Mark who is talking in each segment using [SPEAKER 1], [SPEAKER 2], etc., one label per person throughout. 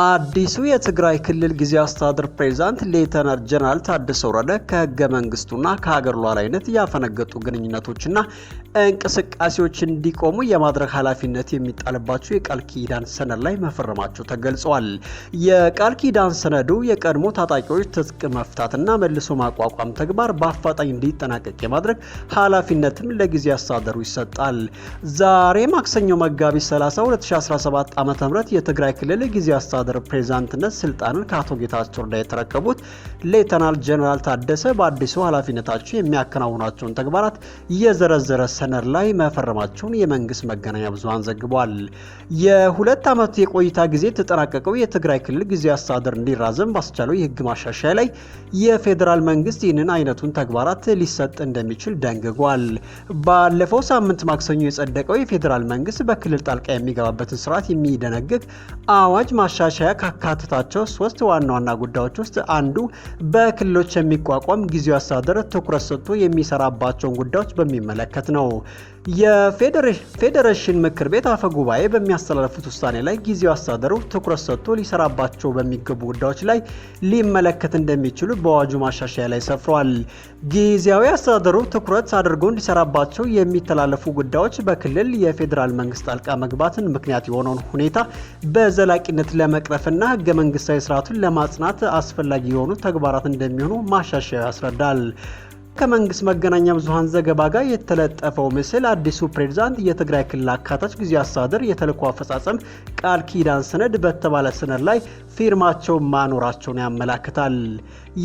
[SPEAKER 1] አዲሱ የትግራይ ክልል ጊዜያዊ አስተዳደር ፕሬዚዳንት ሌተናል ጀነራል ታደሰ ወረደ ከህገ መንግስቱና ከሀገር ሉዓላዊነት ያፈነገጡ ግንኙነቶችና እንቅስቃሴዎች እንዲቆሙ የማድረግ ኃላፊነት የሚጣልባቸው የቃል ኪዳን ሰነድ ላይ መፈረማቸው ተገልጿል። የቃል ኪዳን ሰነዱ የቀድሞ ታጣቂዎች ትጥቅ መፍታትና መልሶ ማቋቋም ተግባር በአፋጣኝ እንዲጠናቀቅ የማድረግ ኃላፊነትም ለጊዜ አስተዳደሩ ይሰጣል። ዛሬ ማክሰኞ መጋቢት 30 2017 ዓ ም የትግራይ ክልል ጊዜ አስተዳደር ፕሬዚዳንትነት ስልጣንን ከአቶ ጌታቸው ረዳ የተረከቡት ሌተናል ጀኔራል ታደሰ በአዲሱ ኃላፊነታቸው የሚያከናውናቸውን ተግባራት የዘረዘረ ሰነድ ላይ መፈረማቸውን የመንግስት መገናኛ ብዙሀን ዘግቧል። የሁለት ዓመት የቆይታ ጊዜ የተጠናቀቀው የትግራይ ክልል ጊዜያዊ አስተዳደር እንዲራዘም ባስቻለው የህግ ማሻሻያ ላይ የፌዴራል መንግስት ይህንን አይነቱን ተግባራት ሊሰጥ እንደሚችል ደንግጓል። ባለፈው ሳምንት ማክሰኞ የጸደቀው የፌዴራል መንግስት በክልል ጣልቃ የሚገባበትን ስርዓት የሚደነግግ አዋጅ ማሻሻያ ካካተታቸው ሶስት ዋና ዋና ጉዳዮች ውስጥ አንዱ በክልሎች የሚቋቋም ጊዜያዊ አስተዳደር ትኩረት ሰጥቶ የሚሰራባቸውን ጉዳዮች በሚመለከት ነው። ነው። የፌዴሬሽን ምክር ቤት አፈ ጉባኤ በሚያስተላለፉት ውሳኔ ላይ ጊዜያዊ አስተዳደሩ ትኩረት ሰጥቶ ሊሰራባቸው በሚገቡ ጉዳዮች ላይ ሊመለከት እንደሚችሉ በአዋጁ ማሻሻያ ላይ ሰፍሯል። ጊዜያዊ አስተዳደሩ ትኩረት አድርጎ እንዲሰራባቸው የሚተላለፉ ጉዳዮች በክልል የፌዴራል መንግስት ጣልቃ መግባትን ምክንያት የሆነውን ሁኔታ በዘላቂነት ለመቅረፍና ህገ መንግስታዊ ስርዓቱን ለማጽናት አስፈላጊ የሆኑ ተግባራት እንደሚሆኑ ማሻሻያው ያስረዳል። ከመንግስት መገናኛ ብዙሃን ዘገባ ጋር የተለጠፈው ምስል አዲሱ ፕሬዝዳንት የትግራይ ክልል አካታች ጊዜ አስተዳደር የተልዕኮ አፈጻጸም ቃል ኪዳን ሰነድ በተባለ ሰነድ ላይ ፊርማቸው ማኖራቸውን ያመላክታል።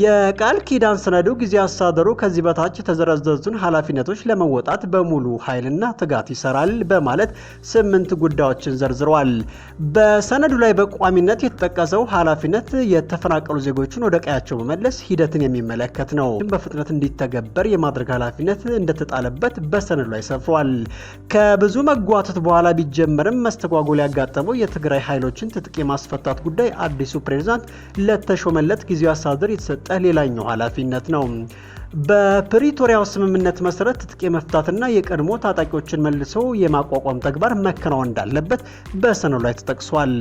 [SPEAKER 1] የቃል ኪዳን ሰነዱ ጊዜ አስተዳደሩ ከዚህ በታች የተዘረዘሩትን ኃላፊነቶች ለመወጣት በሙሉ ኃይልና ትጋት ይሰራል በማለት ስምንት ጉዳዮችን ዘርዝረዋል። በሰነዱ ላይ በቋሚነት የተጠቀሰው ኃላፊነት የተፈናቀሉ ዜጎችን ወደ ቀያቸው መመለስ ሂደትን የሚመለከት ነው። በፍጥነት እንዲተገበር የማድረግ ኃላፊነት እንደተጣለበት በሰነዱ ላይ ሰፍሯል። ከብዙ መጓተት በኋላ ቢጀመርም መስተጓጎል ያጋጠመው የትግራይ ኃይሎችን ትጥቅ የማስፈታት ጉዳይ አዲሱ ፕሬዚዳንት ለተሾመለት ጊዜያዊ አስተዳደር የተሰ የተሰጠ ሌላኛው ኃላፊነት ነው። በፕሪቶሪያው ስምምነት መሰረት ትጥቅ የመፍታትና የቀድሞ ታጣቂዎችን መልሶ የማቋቋም ተግባር መከናወን እንዳለበት በሰነዱ ላይ ተጠቅሷል።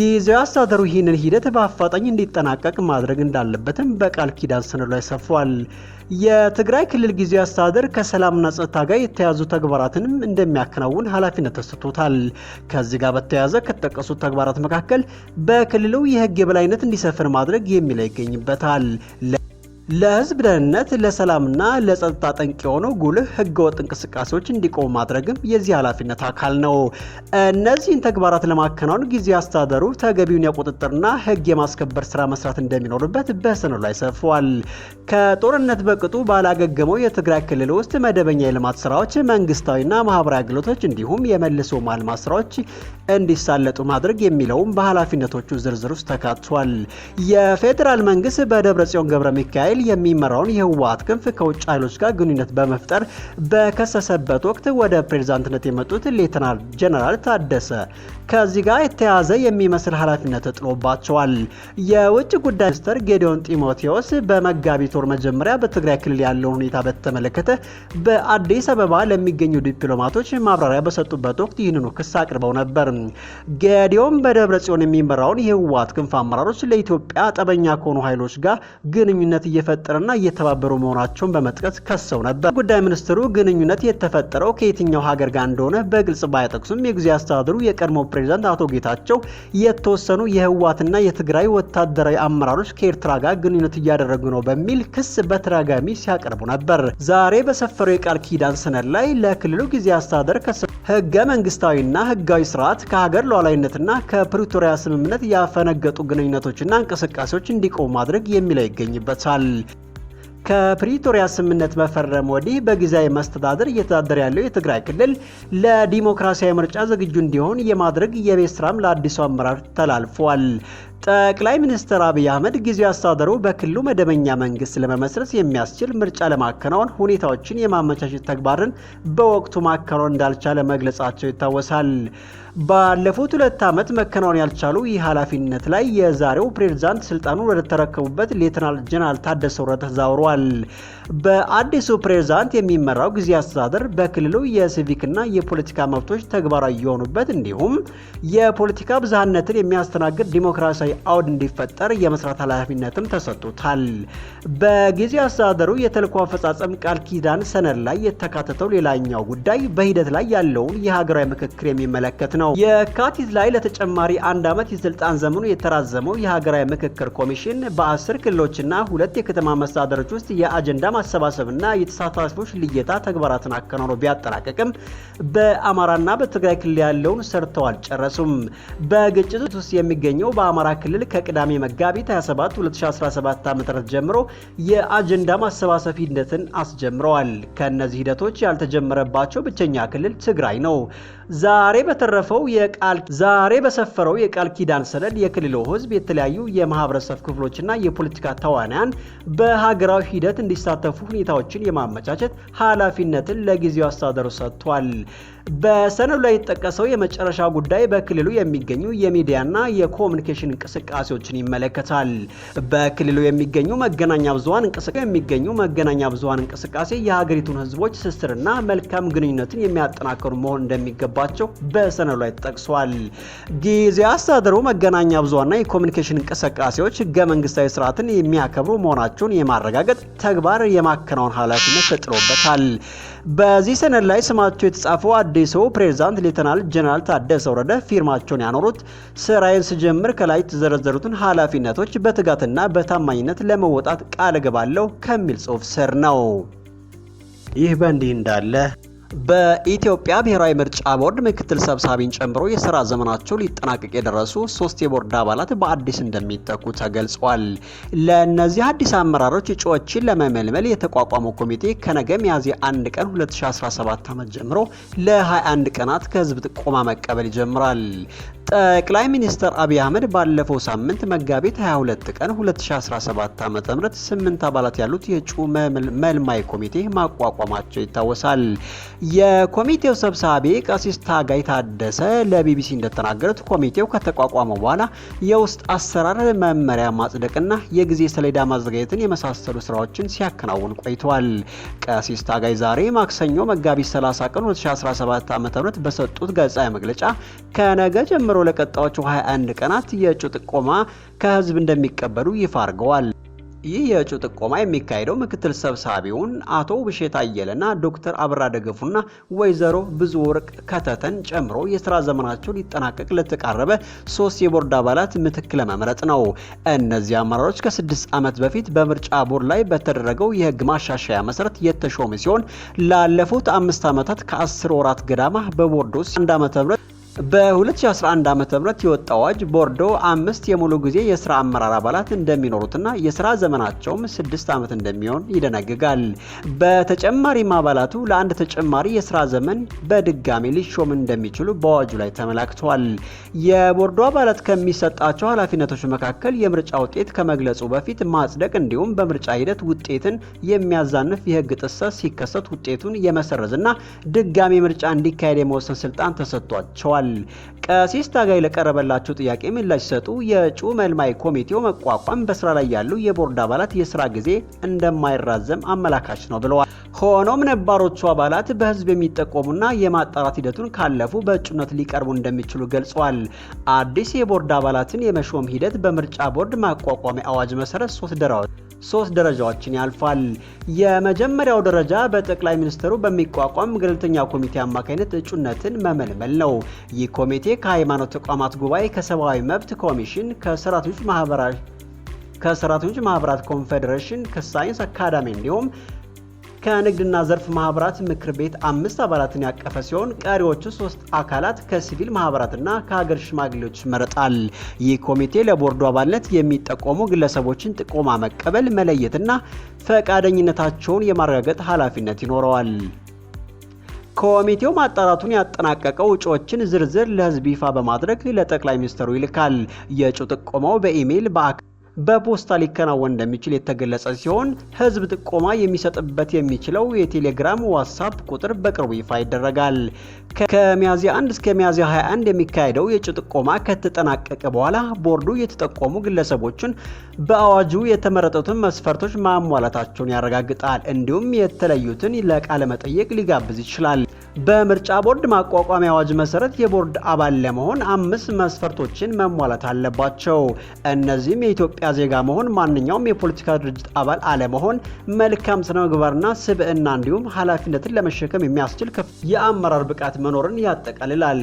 [SPEAKER 1] ጊዜያዊ አስተዳደሩ ይህንን ሂደት በአፋጣኝ እንዲጠናቀቅ ማድረግ እንዳለበትም በቃል ኪዳን ሰነዱ ላይ ሰፍሯል። የትግራይ ክልል ጊዜያዊ አስተዳደር ከሰላምና ጸጥታ ጋር የተያዙ ተግባራትንም እንደሚያከናውን ኃላፊነት ተሰጥቶታል። ከዚህ ጋር በተያያዘ ከተጠቀሱት ተግባራት መካከል በክልሉ የህግ የበላይነት እንዲሰፍር ማድረግ የሚለው ይገኝበታል። ለህዝብ ደህንነት ለሰላምና ለጸጥታ ጠንቅ የሆኑ ጉልህ ህገወጥ እንቅስቃሴዎች እንዲቆሙ ማድረግም የዚህ ኃላፊነት አካል ነው። እነዚህን ተግባራት ለማከናወን ጊዜ አስተዳደሩ ተገቢውን የቁጥጥርና ህግ የማስከበር ስራ መስራት እንደሚኖርበት በሰነዱ ላይ ሰፍሯል። ከጦርነት በቅጡ ባላገገመው የትግራይ ክልል ውስጥ መደበኛ የልማት ስራዎች፣ መንግስታዊና ማህበራዊ አገልግሎቶች እንዲሁም የመልሶ ማልማት ስራዎች እንዲሳለጡ ማድረግ የሚለውም በኃላፊነቶቹ ዝርዝር ውስጥ ተካቷል። የፌዴራል መንግስት በደብረ ጽዮን ገብረ ሚካኤል ኃይል የሚመራውን የህወሀት ክንፍ ከውጭ ኃይሎች ጋር ግንኙነት በመፍጠር በከሰሰበት ወቅት ወደ ፕሬዝዳንትነት የመጡት ሌተናል ጀነራል ታደሰ ከዚህ ጋር የተያዘ የሚመስል ኃላፊነት ተጥሎባቸዋል። የውጭ ጉዳይ ሚኒስትር ጌዲዮን ጢሞቴዎስ በመጋቢት ወር መጀመሪያ በትግራይ ክልል ያለውን ሁኔታ በተመለከተ በአዲስ አበባ ለሚገኙ ዲፕሎማቶች ማብራሪያ በሰጡበት ወቅት ይህንኑ ክስ አቅርበው ነበር። ጌዲዮን በደብረ ጽዮን የሚመራውን የህወሀት ክንፍ አመራሮች ለኢትዮጵያ ጠበኛ ከሆኑ ኃይሎች ጋር ግንኙነት እየፈ እንደተፈጠረና እየተባበሩ መሆናቸውን በመጥቀስ ከሰው ነበር። ጉዳይ ሚኒስትሩ ግንኙነት የተፈጠረው ከየትኛው ሀገር ጋር እንደሆነ በግልጽ ባያጠቅሱም የጊዜ አስተዳደሩ የቀድሞ ፕሬዚዳንት አቶ ጌታቸው የተወሰኑ የህወሓትና የትግራይ ወታደራዊ አመራሮች ከኤርትራ ጋር ግንኙነት እያደረጉ ነው በሚል ክስ በተደጋጋሚ ሲያቀርቡ ነበር። ዛሬ በሰፈረው የቃል ኪዳን ሰነድ ላይ ለክልሉ ጊዜ አስተዳደር ከሰው ህገ መንግስታዊና ህጋዊ ስርዓት ከሀገር ሉዓላዊነትና ከፕሪቶሪያ ስምምነት ያፈነገጡ ግንኙነቶችና እንቅስቃሴዎች እንዲቆሙ ማድረግ የሚለው ይገኝበታል። ከፕሪቶሪያ ስምምነት መፈረም ወዲህ በጊዜያዊ መስተዳደር እየተዳደረ ያለው የትግራይ ክልል ለዲሞክራሲያዊ ምርጫ ዝግጁ እንዲሆን የማድረግ የቤት ስራም ለአዲሱ አመራር ተላልፏል። ጠቅላይ ሚኒስትር አብይ አህመድ ጊዜ አስተዳደሩ በክልሉ መደበኛ መንግስት ለመመስረት የሚያስችል ምርጫ ለማከናወን ሁኔታዎችን የማመቻቸት ተግባርን በወቅቱ ማከናወን እንዳልቻለ መግለጻቸው ይታወሳል። ባለፉት ሁለት ዓመት መከናወን ያልቻሉ ይህ ኃላፊነት ላይ የዛሬው ፕሬዝዳንት ስልጣኑ ወደተረከቡበት ሌተናል ጀነራል ታደሰ ወረደ ተዛውረዋል። በአዲሱ ፕሬዝዳንት የሚመራው ጊዜ አስተዳደር በክልሉ የሲቪክና የፖለቲካ መብቶች ተግባራዊ የሆኑበት እንዲሁም የፖለቲካ ብዝሃነትን የሚያስተናግድ ዲሞክራሲያዊ አውድ እንዲፈጠር የመስራት ኃላፊነትም ተሰጥቶታል። በጊዜ አስተዳደሩ የተልእኮ አፈጻጸም ቃል ኪዳን ሰነድ ላይ የተካተተው ሌላኛው ጉዳይ በሂደት ላይ ያለውን የሀገራዊ ምክክር የሚመለከት ነው። የካቲት ላይ ለተጨማሪ አንድ ዓመት የስልጣን ዘመኑ የተራዘመው የሀገራዊ ምክክር ኮሚሽን በአስር ክልሎችና ሁለት የከተማ መስተዳደሮች ውስጥ የአጀንዳ ማሰባሰብና የተሳታፊዎች ልየታ ተግባራትን አከናውኖ ቢያጠናቀቅም በአማራና በትግራይ ክልል ያለውን ሰርተው አልጨረሱም። በግጭት ውስጥ የሚገኘው በአማራ ክልል ከቅዳሜ መጋቢት 27 2017 ዓ.ም ጀምሮ የአጀንዳ ማሰባሰብ ሂደትን አስጀምረዋል። ከእነዚህ ሂደቶች ያልተጀመረባቸው ብቸኛ ክልል ትግራይ ነው። ዛሬ በተረፈው የቃል ዛሬ በሰፈረው የቃል ኪዳን ሰነድ የክልሉ ህዝብ የተለያዩ የማህበረሰብ ክፍሎችና የፖለቲካ ተዋናያን በሀገራዊ ሂደት እንዲሳተፉ ሁኔታዎችን የማመቻቸት ኃላፊነትን ለጊዜው አስተዳደሩ ሰጥቷል። በሰነዱ ላይ የተጠቀሰው የመጨረሻ ጉዳይ በክልሉ የሚገኙ የሚዲያና የኮሚኒኬሽን እንቅስቃሴዎችን ይመለከታል። በክልሉ የሚገኙ መገናኛ ብዙሃን እንቅስቃሴ የሚገኙ መገናኛ ብዙሃን እንቅስቃሴ የሀገሪቱን ህዝቦች ትስስርና መልካም ግንኙነትን የሚያጠናክሩ መሆን እንደሚገባቸው በሰነዱ ላይ ተጠቅሷል። ጊዜ አስተዳደሩ መገናኛ ብዙና የኮሚኒኬሽን እንቅስቃሴዎች ህገ መንግስታዊ ስርዓትን የሚያከብሩ መሆናቸውን የማረጋገጥ ተግባር የማከናወን ኃላፊነት ተጥሎበታል። በዚህ ሰነድ ላይ ስማቸው የተጻፈው አዲሱ ፕሬዝዳንት ሌተናል ጀነራል ታደሰ ወረደ ፊርማቸውን ያኖሩት ስራዬን ስጀምር ከላይ የተዘረዘሩትን ኃላፊነቶች በትጋትና በታማኝነት ለመወጣት ቃል እገባለሁ ከሚል ጽሑፍ ስር ነው።
[SPEAKER 2] ይህ በእንዲህ እንዳለ
[SPEAKER 1] በኢትዮጵያ ብሔራዊ ምርጫ ቦርድ ምክትል ሰብሳቢን ጨምሮ የስራ ዘመናቸው ሊጠናቀቅ የደረሱ ሶስት የቦርድ አባላት በአዲስ እንደሚተኩ ተገልጿል። ለእነዚህ አዲስ አመራሮች እጩዎችን ለመመልመል የተቋቋመው ኮሚቴ ከነገ ሚያዝያ 1 ቀን 2017 ዓመት ጀምሮ ለ21 ቀናት ከህዝብ ጥቆማ መቀበል ይጀምራል። ጠቅላይ ሚኒስትር አብይ አህመድ ባለፈው ሳምንት መጋቢት 22 ቀን 2017 ዓ.ም 8 አባላት ያሉት የእጩ መልማይ ኮሚቴ ማቋቋማቸው ይታወሳል። የኮሚቴው ሰብሳቢ ቀሲስ ታጋይ ታደሰ ለቢቢሲ እንደተናገሩት ኮሚቴው ከተቋቋመ በኋላ የውስጥ አሰራር መመሪያ ማጽደቅና የጊዜ ሰሌዳ ማዘጋጀትን የመሳሰሉ ስራዎችን ሲያከናውን ቆይተዋል። ቀሲስ ታጋይ ዛሬ ማክሰኞ መጋቢት 30 ቀን 2017 ዓ.ም በሰጡት ጋዜጣዊ መግለጫ ከነገ ጀምሮ ለቀጣዮቹ 21 ቀናት የእጩ ጥቆማ ከህዝብ እንደሚቀበሉ ይፋ አድርገዋል። ይህ የእጩ ጥቆማ የሚካሄደው ምክትል ሰብሳቢውን አቶ ብሼት አየለና ዶክተር አብራ ደገፉና ወይዘሮ ብዙ ወርቅ ከተተን ጨምሮ የስራ ዘመናቸው ሊጠናቀቅ ለተቃረበ ሶስት የቦርድ አባላት ምትክ ለመምረጥ ነው። እነዚህ አመራሮች ከስድስት ዓመት በፊት በምርጫ ቦርድ ላይ በተደረገው የህግ ማሻሻያ መሰረት የተሾሙ ሲሆን ላለፉት አምስት ዓመታት ከአስር ወራት ገዳማ በቦርድ ውስጥ አንድ ዓመተ ምህረት በ2011 ዓ ም የወጣ አዋጅ ቦርዶ አምስት የሙሉ ጊዜ የስራ አመራር አባላት እንደሚኖሩትና የስራ ዘመናቸውም ስድስት ዓመት እንደሚሆን ይደነግጋል። በተጨማሪም አባላቱ ለአንድ ተጨማሪ የስራ ዘመን በድጋሚ ሊሾም እንደሚችሉ በአዋጁ ላይ ተመላክቷል። የቦርዶ አባላት ከሚሰጣቸው ኃላፊነቶች መካከል የምርጫ ውጤት ከመግለጹ በፊት ማጽደቅ፣ እንዲሁም በምርጫ ሂደት ውጤትን የሚያዛንፍ የህግ ጥሰት ሲከሰት ውጤቱን የመሰረዝና ድጋሚ ምርጫ እንዲካሄድ የመወሰን ስልጣን ተሰጥቷቸዋል። ተናግረዋል። ቀሲስ ታጋይ ለቀረበላቸው ጥያቄ ምላሽ ሲሰጡ የጩ መልማይ ኮሚቴው መቋቋም በስራ ላይ ያሉ የቦርድ አባላት የስራ ጊዜ እንደማይራዘም አመላካች ነው ብለዋል። ሆኖም ነባሮቹ አባላት በህዝብ የሚጠቆሙና የማጣራት ሂደቱን ካለፉ በእጩነት ሊቀርቡ እንደሚችሉ ገልጸዋል። አዲስ የቦርድ አባላትን የመሾም ሂደት በምርጫ ቦርድ ማቋቋሚያ አዋጅ መሰረት ሶስት ደረጃዎች ሶስት ደረጃዎችን ያልፋል። የመጀመሪያው ደረጃ በጠቅላይ ሚኒስትሩ በሚቋቋም ገለልተኛ ኮሚቴ አማካኝነት እጩነትን መመልመል ነው። ይህ ኮሚቴ ከሃይማኖት ተቋማት ጉባኤ፣ ከሰብአዊ መብት ኮሚሽን፣ ከሰራተኞች ማህበራት ኮንፌዴሬሽን፣ ከሳይንስ አካዳሚ እንዲሁም ከንግድና ዘርፍ ማህበራት ምክር ቤት አምስት አባላትን ያቀፈ ሲሆን ቀሪዎቹ ሶስት አካላት ከሲቪል ማህበራትና ከሀገር ሽማግሌዎች መረጣል። ይህ ኮሚቴ ለቦርዱ አባልነት የሚጠቆሙ ግለሰቦችን ጥቆማ መቀበል፣ መለየትና ፈቃደኝነታቸውን የማረጋገጥ ኃላፊነት ይኖረዋል። ኮሚቴው ማጣራቱን ያጠናቀቀው እጩዎችን ዝርዝር ለህዝብ ይፋ በማድረግ ለጠቅላይ ሚኒስትሩ ይልካል። የእጩ ጥቆማው በኢሜይል በአካል በፖስታ ሊከናወን እንደሚችል የተገለጸ ሲሆን ህዝብ ጥቆማ የሚሰጥበት የሚችለው የቴሌግራም ዋትሳፕ ቁጥር በቅርቡ ይፋ ይደረጋል። ከሚያዝያ 1 እስከ ሚያዝያ 21 የሚካሄደው የእጩ ጥቆማ ከተጠናቀቀ በኋላ ቦርዱ የተጠቆሙ ግለሰቦችን በአዋጁ የተመረጡትን መስፈርቶች ማሟላታቸውን ያረጋግጣል። እንዲሁም የተለዩትን ለቃለ መጠየቅ ሊጋብዝ ይችላል። በምርጫ ቦርድ ማቋቋሚያ አዋጅ መሰረት የቦርድ አባል ለመሆን አምስት መስፈርቶችን መሟላት አለባቸው። እነዚህም የኢትዮጵያ ዜጋ መሆን፣ ማንኛውም የፖለቲካ ድርጅት አባል አለመሆን፣ መልካም ስነ ምግባርና ስብዕና እንዲሁም ኃላፊነትን ለመሸከም የሚያስችል የአመራር ብቃት መኖርን ያጠቃልላል።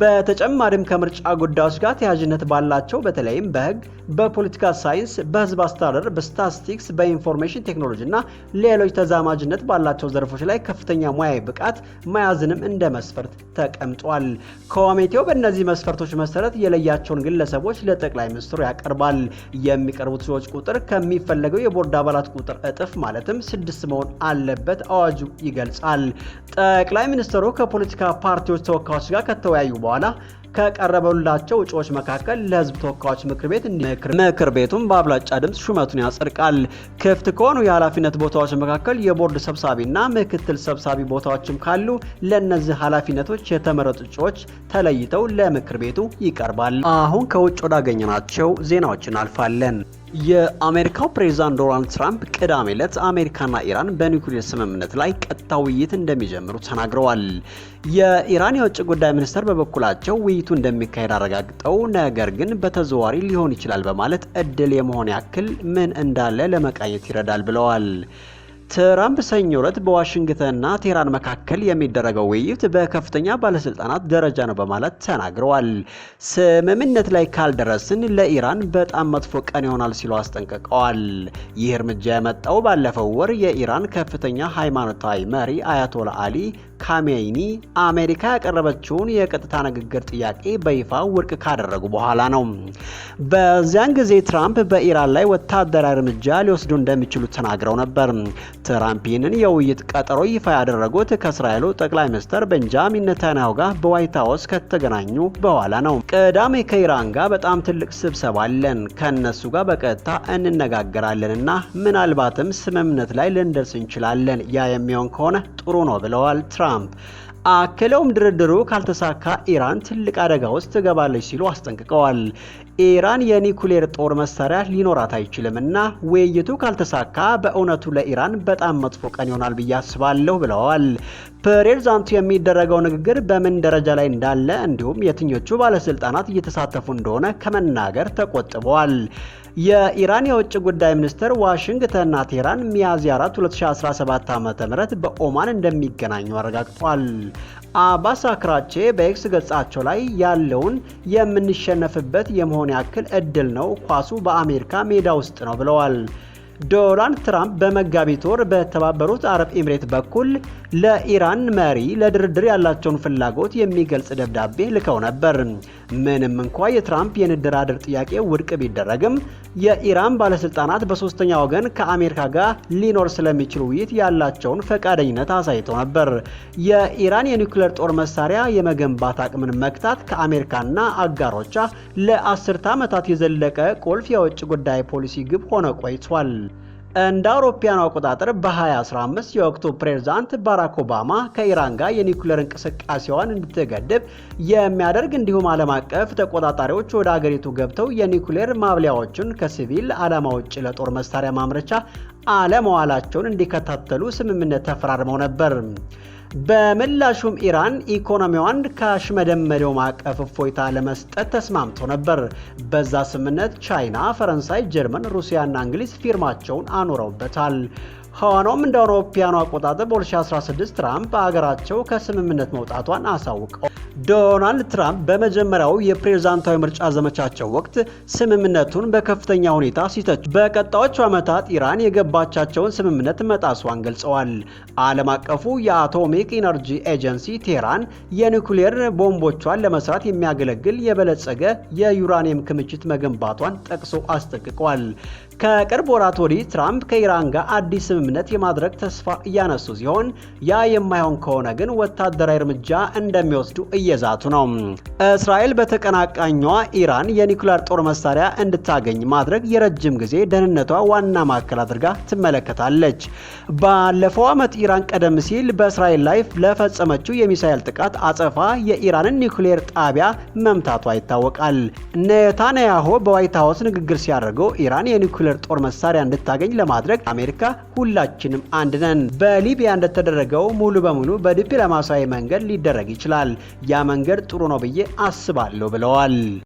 [SPEAKER 1] በተጨማሪም ከምርጫ ጉዳዮች ጋር ተያያዥነት ባላቸው በተለይም በህግ በፖለቲካ ሳይንስ፣ በህዝብ አስተዳደር፣ በስታቲስቲክስ፣ በኢንፎርሜሽን ቴክኖሎጂ እና ሌሎች ተዛማጅነት ባላቸው ዘርፎች ላይ ከፍተኛ ሙያዊ ብቃት መያዝንም እንደ መስፈርት ተቀምጧል። ኮሚቴው በእነዚህ መስፈርቶች መሰረት የለያቸውን ግለሰቦች ለጠቅላይ ሚኒስትሩ ያቀርባል። የሚቀርቡት ሰዎች ቁጥር ከሚፈለገው የቦርድ አባላት ቁጥር እጥፍ ማለትም ስድስት መሆን አለበት አዋጁ ይገልጻል። ጠቅላይ ሚኒስትሩ ከፖለቲካ ፓርቲዎች ተወካዮች ጋር ከተወያዩ በኋላ ከቀረበላቸው እጩዎች መካከል ለህዝብ ተወካዮች ምክር ቤት ምክር ቤቱም በአብላጫ ድምፅ ሹመቱን ያጸድቃል። ክፍት ከሆኑ የኃላፊነት ቦታዎች መካከል የቦርድ ሰብሳቢና ምክትል ሰብሳቢ ቦታዎችም ካሉ ለእነዚህ ኃላፊነቶች የተመረጡ እጩዎች ተለይተው ለምክር ቤቱ ይቀርባል።
[SPEAKER 2] አሁን ከውጭ ወዳገኘናቸው ዜናዎች እናልፋለን። የአሜሪካው ፕሬዚዳንት ዶናልድ ትራምፕ ቅዳሜ ዕለት አሜሪካና ኢራን በኒውክሌር ስምምነት ላይ ቀጥታ ውይይት እንደሚጀምሩ ተናግረዋል። የኢራን የውጭ ጉዳይ ሚኒስትር በበኩላቸው ውይይቱ እንደሚካሄድ አረጋግጠው፣ ነገር ግን በተዘዋሪ ሊሆን ይችላል በማለት እድል የመሆን ያክል ምን እንዳለ ለመቃኘት ይረዳል ብለዋል። ትራምፕ ሰኞ ዕለት በዋሽንግተንና ቴህራን መካከል የሚደረገው ውይይት በከፍተኛ ባለስልጣናት ደረጃ ነው በማለት ተናግረዋል። ስምምነት ላይ ካልደረስን ለኢራን በጣም መጥፎ ቀን ይሆናል ሲሉ አስጠንቅቀዋል። ይህ እርምጃ የመጣው ባለፈው ወር የኢራን ከፍተኛ ሃይማኖታዊ መሪ አያቶላ አሊ ካሜይኒ አሜሪካ ያቀረበችውን የቀጥታ ንግግር ጥያቄ በይፋ ውድቅ ካደረጉ በኋላ ነው። በዚያን ጊዜ ትራምፕ በኢራን ላይ ወታደራዊ እርምጃ ሊወስዱ እንደሚችሉ ተናግረው ነበር። ትራምፕ ይህንን የውይይት ቀጠሮ ይፋ ያደረጉት ከእስራኤሉ ጠቅላይ ሚኒስትር ቤንጃሚን ነታንያሁ ጋር በዋይት ሀውስ ከተገናኙ በኋላ ነው። ቅዳሜ ከኢራን ጋር በጣም ትልቅ ስብሰባ አለን፣ ከእነሱ ጋር በቀጥታ እንነጋገራለን እና ምናልባትም ስምምነት ላይ ልንደርስ እንችላለን። ያ የሚሆን ከሆነ ጥሩ ነው ብለዋል ትራምፕ ትራምፕ አክለውም ድርድሩ ካልተሳካ ኢራን ትልቅ አደጋ ውስጥ ትገባለች ሲሉ አስጠንቅቀዋል። ኢራን የኒኩሌር ጦር መሳሪያ ሊኖራት አይችልም እና ውይይቱ ካልተሳካ በእውነቱ ለኢራን በጣም መጥፎ ቀን ይሆናል ብዬ አስባለሁ ብለዋል። ፕሬዝዳንቱ የሚደረገው ንግግር በምን ደረጃ ላይ እንዳለ እንዲሁም የትኞቹ ባለስልጣናት እየተሳተፉ እንደሆነ ከመናገር ተቆጥበዋል። የኢራን የውጭ ጉዳይ ሚኒስትር ዋሽንግተንና ቴህራን ሚያዝያ 4 2017 ዓ.ም በኦማን እንደሚገናኙ አረጋግጧል። አባስ አክራቼ በኤክስ ገጻቸው ላይ ያለውን የምንሸነፍበት የመሆን ያክል እድል ነው፣ ኳሱ በአሜሪካ ሜዳ ውስጥ ነው ብለዋል። ዶናልድ ትራምፕ በመጋቢት ወር በተባበሩት አረብ ኤምሬት በኩል ለኢራን መሪ ለድርድር ያላቸውን ፍላጎት የሚገልጽ ደብዳቤ ልከው ነበር። ምንም እንኳ የትራምፕ የንደራደር ጥያቄ ውድቅ ቢደረግም የኢራን ባለስልጣናት በሶስተኛ ወገን ከአሜሪካ ጋር ሊኖር ስለሚችል ውይይት ያላቸውን ፈቃደኝነት አሳይተው ነበር። የኢራን የኒውክሌር ጦር መሳሪያ የመገንባት አቅምን መክታት ከአሜሪካና አጋሮቿ ለአስርተ ዓመታት የዘለቀ ቁልፍ የውጭ ጉዳይ ፖሊሲ ግብ ሆነ ቆይቷል። እንደ አውሮፓውያኑ አቆጣጠር በ2015 የወቅቱ ፕሬዝዳንት ባራክ ኦባማ ከኢራን ጋር የኒኩሌር እንቅስቃሴዋን እንድትገድብ የሚያደርግ እንዲሁም ዓለም አቀፍ ተቆጣጣሪዎች ወደ አገሪቱ ገብተው የኒውክሌር ማብሊያዎችን ከሲቪል ዓላማ ውጭ ለጦር መሳሪያ ማምረቻ አለመዋላቸውን እንዲከታተሉ ስምምነት ተፈራርመው ነበር። በምላሹም ኢራን ኢኮኖሚዋን ካሽመደመዴው ማዕቀፍ እፎይታ ለመስጠት ተስማምቶ ነበር። በዛ ስምምነት ቻይና፣ ፈረንሳይ፣ ጀርመን፣ ሩሲያና እንግሊዝ ፊርማቸውን አኑረውበታል። ሆኖም እንደ አውሮፓውያኑ አቆጣጠር በ2016 ትራምፕ ሀገራቸው ከስምምነት መውጣቷን አሳውቀው ዶናልድ ትራምፕ በመጀመሪያው የፕሬዝዳንታዊ ምርጫ ዘመቻቸው ወቅት ስምምነቱን በከፍተኛ ሁኔታ ሲተቹ በቀጣዮቹ ዓመታት ኢራን የገባቻቸውን ስምምነት መጣሷን ገልጸዋል። ዓለም አቀፉ የአቶሚክ ኢነርጂ ኤጀንሲ ቴህራን የኒውክሌር ቦምቦቿን ለመስራት የሚያገለግል የበለጸገ የዩራኒየም ክምችት መገንባቷን ጠቅሶ አስጠንቅቋል። ከቅርብ ወራት ወዲህ ትራምፕ ከኢራን ጋር አዲስ ስምምነት የማድረግ ተስፋ እያነሱ ሲሆን ያ የማይሆን ከሆነ ግን ወታደራዊ እርምጃ እንደሚወስዱ እየ መያዛቱ ነው። እስራኤል በተቀናቃኟ ኢራን የኒኩሌር ጦር መሳሪያ እንድታገኝ ማድረግ የረጅም ጊዜ ደህንነቷ ዋና ማዕከል አድርጋ ትመለከታለች። ባለፈው ዓመት ኢራን ቀደም ሲል በእስራኤል ላይ ለፈጸመችው የሚሳኤል ጥቃት አጸፋ የኢራንን ኒኩሌር ጣቢያ መምታቷ ይታወቃል። ኔታንያሆ በዋይት ሀውስ ንግግር ሲያደርገው ኢራን የኒኩሌር ጦር መሳሪያ እንድታገኝ ለማድረግ አሜሪካ ሁላችንም አንድ ነን፣ በሊቢያ እንደተደረገው ሙሉ በሙሉ በዲፕሎማሲያዊ መንገድ ሊደረግ ይችላል ሌላ መንገድ ጥሩ ነው ብዬ አስባለሁ ብለዋል።